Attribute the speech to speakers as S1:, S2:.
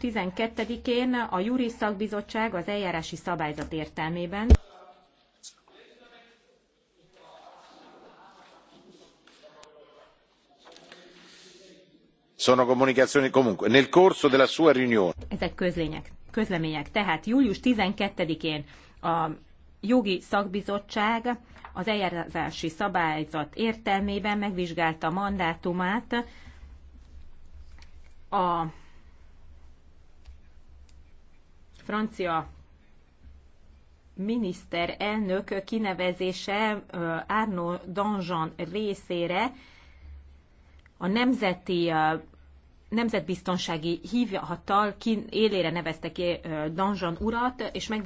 S1: 12-én a Juri Szakbizottság az eljárási szabályzat értelmében
S2: Sono comunicazioni comunque. Nel corso della sua riunione.
S1: Ezek közlények, közlemények. Tehát július 12-én a jogi szakbizottság az eljárási szabályzat értelmében megvizsgálta mandátumát a francia miniszterelnök kinevezése Arnaud Danjean részére a Nemzeti Nemzetbiztonsági Hivatal élére nevezte ki Danjean urat, és meg